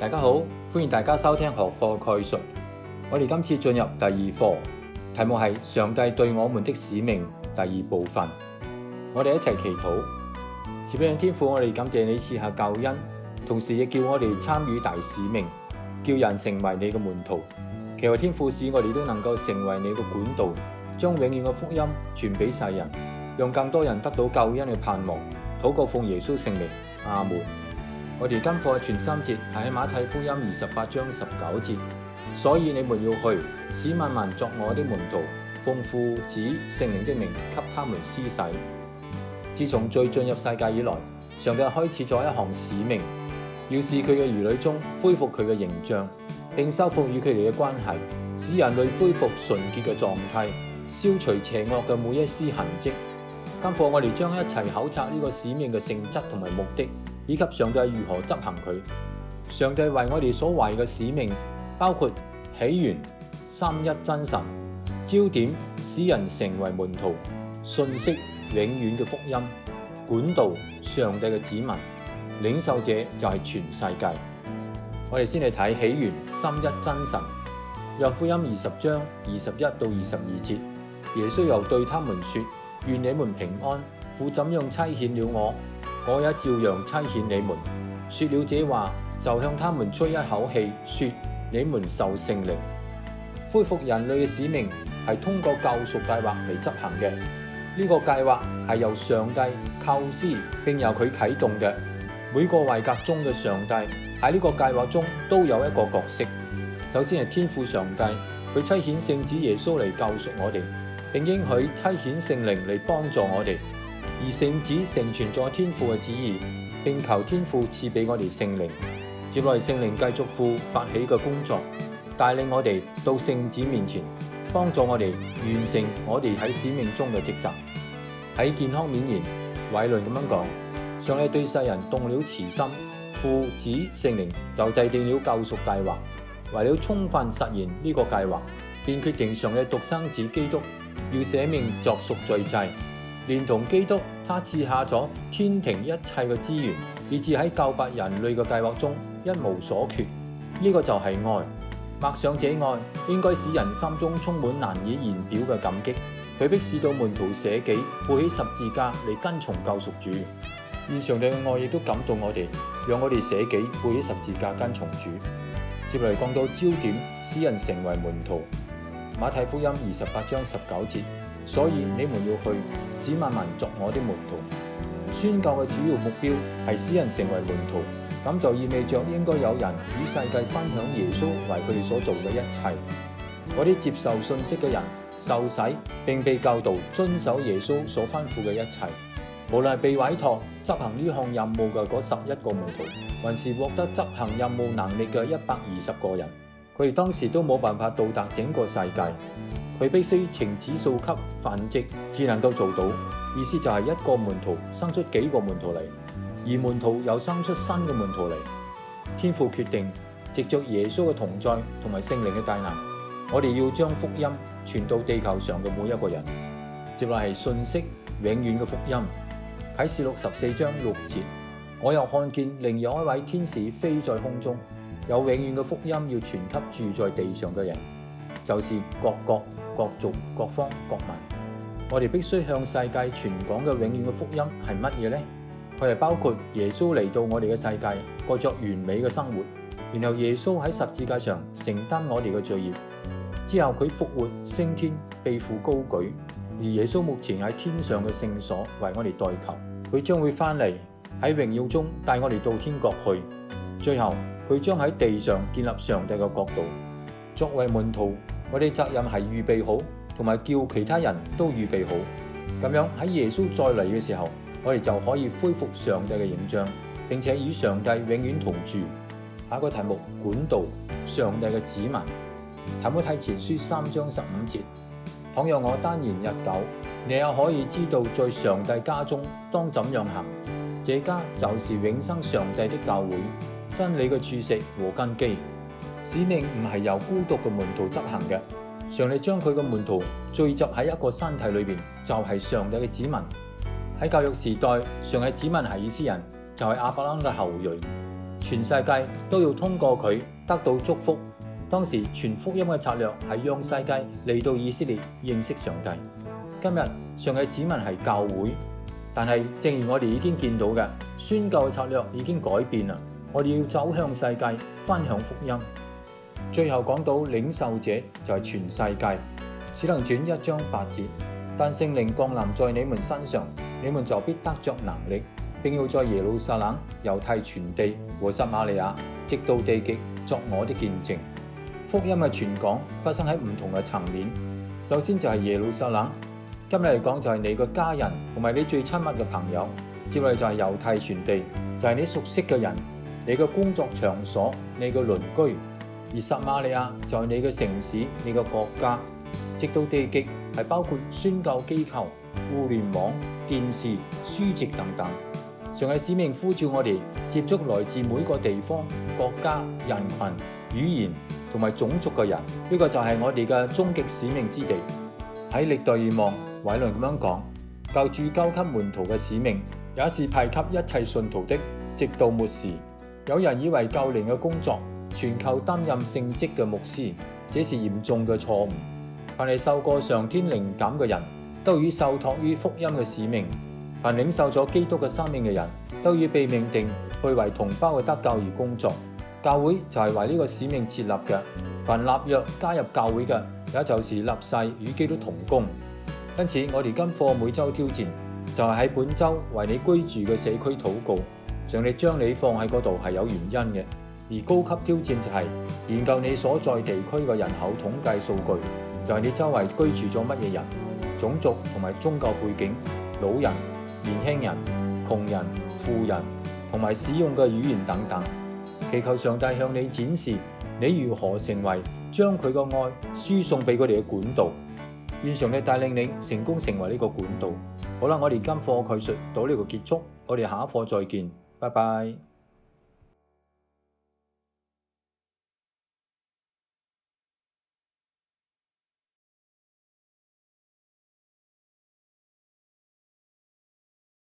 大家好，歡迎大家收聽學課概述。我哋今次進入第二課，題目係上帝對我們的使命第二部分。我哋一齊祈禱：慈愛天父，我哋感謝你賜下救恩，同時亦叫我哋參與大使命，叫人成為你嘅門徒。祈求天父使我哋都能夠成為你嘅管道，將永遠嘅福音傳俾世人，讓更多人得到救恩嘅盼望。禱告奉耶穌聖名，阿門。我哋今課嘅全三節，係喺馬太福音二十八章十九節，所以你們要去，使萬民作我的門徒，奉父子聖靈的名給他們施洗。自從罪進入世界以來，上帝開始咗一項使命，要使佢嘅兒女中恢復佢嘅形象，並修復與佢哋嘅關係，使人類恢復純潔嘅狀態，消除邪惡嘅每一絲痕跡。今課我哋將一齊考察呢個使命嘅性質同埋目的。以及上帝如何執行佢？上帝為我哋所謂嘅使命，包括起源、三一真神、焦點、使人成為門徒、信息、永遠嘅福音、管道、上帝嘅指紋、領受者就係全世界。我哋先嚟睇起源、三一真神。約福音二十章二十一到二十二節，耶穌又對他們說：願你們平安！父怎樣差遣了我。我也照樣差遣你們，說了這話，就向他們吹一口氣，說，你們受聖靈。恢復人類嘅使命係通過救贖計劃嚟執行嘅，呢、這個計劃係由上帝構思並由佢啟動嘅。每個位格中嘅上帝喺呢個計劃中都有一個角色。首先係天父上帝，佢差遣聖子耶穌嚟救贖我哋，並應許差遣聖靈嚟幫助我哋。而聖子成全咗天父嘅旨意，並求天父賜俾我哋聖靈，接來聖靈繼續父發起嘅工作，帶領我哋到聖子面前，幫助我哋完成我哋喺使命中嘅職責。喺健康勉言偉論咁樣講，上帝對世人動了慈心，父子聖靈就制定了救贖計劃。為了充分實現呢個計劃，便決定上帝獨生子基督要捨命作贖罪祭，連同基督。他賜下咗天庭一切嘅資源，以至喺救拔人類嘅計劃中一無所缺。呢、這個就係愛。默想者愛，應該使人心中充滿難以言表嘅感激。佢迫使到門徒捨己，背起十字架嚟跟從救贖主。而上帝嘅愛亦都感動我哋，讓我哋捨己，背起十字架跟從主。接嚟講到焦點，使人成為門徒。馬太福音二十八章十九節。所以你們要去使萬民作我的門徒。宣教嘅主要目標係使人成為門徒，咁就意味着應該有人與世界分享耶穌為佢哋所做嘅一切。嗰啲接受信息嘅人受洗，並被教導遵守耶穌所吩咐嘅一切。無論被委託執行呢項任務嘅嗰十一個門徒，還是獲得執行任務能力嘅一百二十個人。佢哋當時都冇辦法到達整個世界，佢必須呈指數級繁殖至能夠做到。意思就係一個門徒生出幾個門徒嚟，而門徒又生出新嘅門徒嚟。天父決定藉着耶穌嘅同在同埋聖靈嘅帶領，我哋要將福音傳到地球上嘅每一個人。接落係信息永遠嘅福音。啟示錄十四章六節，我又看見另有一位天使飛在空中。有永遠嘅福音要傳給住在地上嘅人，就是各國、各族、各方、各民。我哋必須向世界傳講嘅永遠嘅福音係乜嘢呢？佢係包括耶穌嚟到我哋嘅世界過着完美嘅生活，然後耶穌喺十字架上承擔我哋嘅罪孽。之後佢復活升天，被父高舉。而耶穌目前喺天上嘅聖所為我哋代求，佢將會翻嚟喺榮耀中帶我哋到天國去。最後。佢將喺地上建立上帝嘅國度，作為門徒，我哋責任係預備好，同埋叫其他人都預備好，咁樣喺耶穌再嚟嘅時候，我哋就可以恢復上帝嘅形象，並且與上帝永遠同住。下一個題目：管道上帝嘅指紋。提摩太前書三章十五節。倘若我耽延日久，你又可以知道在上帝家中當怎樣行。這家就是永生上帝的教會。真理嘅柱石和根基，使命唔係由孤獨嘅門徒執行嘅。上帝將佢嘅門徒聚集喺一個身體裏邊，就係、是、上帝嘅子民。喺教育時代，上帝子民係以色列人，就係、是、亞伯拉罕嘅後裔，全世界都要通過佢得到祝福。當時傳福音嘅策略係讓世界嚟到以色列認識上帝。今日上帝子民係教會，但係正如我哋已經見到嘅，宣教嘅策略已經改變啦。我哋要走向世界，分享福音。最後講到領受者，就係、是、全世界，只能轉一張八節。但聖靈降臨在你們身上，你們就必得着能力，並要在耶路撒冷、猶太、全地和撒瑪利亞，直到地極作我的見證。福音嘅傳講發生喺唔同嘅層面。首先就係耶路撒冷，今日嚟講就係你個家人同埋你最親密嘅朋友。接嚟就係猶太、全地，就係、是、你熟悉嘅人。你嘅工作場所，你嘅鄰居，而撒瑪利亞在你嘅城市、你嘅國家，直到地極，係包括宣教機構、互聯網、電視、書籍等等，常係使命呼召我哋接觸來自每個地方、國家、人群、語言同埋種族嘅人。呢個就係我哋嘅終極使命之地。喺歷代願望，偉倫咁樣講，救主交給門徒嘅使命，也是派給一切信徒的，直到末時。有人以為舊年嘅工作全靠擔任聖職嘅牧師，這是嚴重嘅錯誤。凡係受過上天靈感嘅人，都已受託於福音嘅使命；凡領受咗基督嘅生命嘅人，都已被命定去為同胞嘅得救而工作。教會就係為呢個使命設立嘅。凡立約加入教會嘅，也就是立誓與基督同工。因此，我哋今課每週挑戰就係喺本週為你居住嘅社區禱告。上帝將你放喺嗰度係有原因嘅，而高級挑戰就係研究你所在地區嘅人口統計數據，就係、是、你周圍居住咗乜嘢人、種族同埋宗教背景、老人、年輕人、窮人、富人同埋使用嘅語言等等。祈求上帝向你展示你如何成為將佢個愛輸送俾佢哋嘅管道，願上帝帶領你成功成為呢個管道。好啦，我哋今課敘述到呢個結束，我哋下一課再見。拜拜。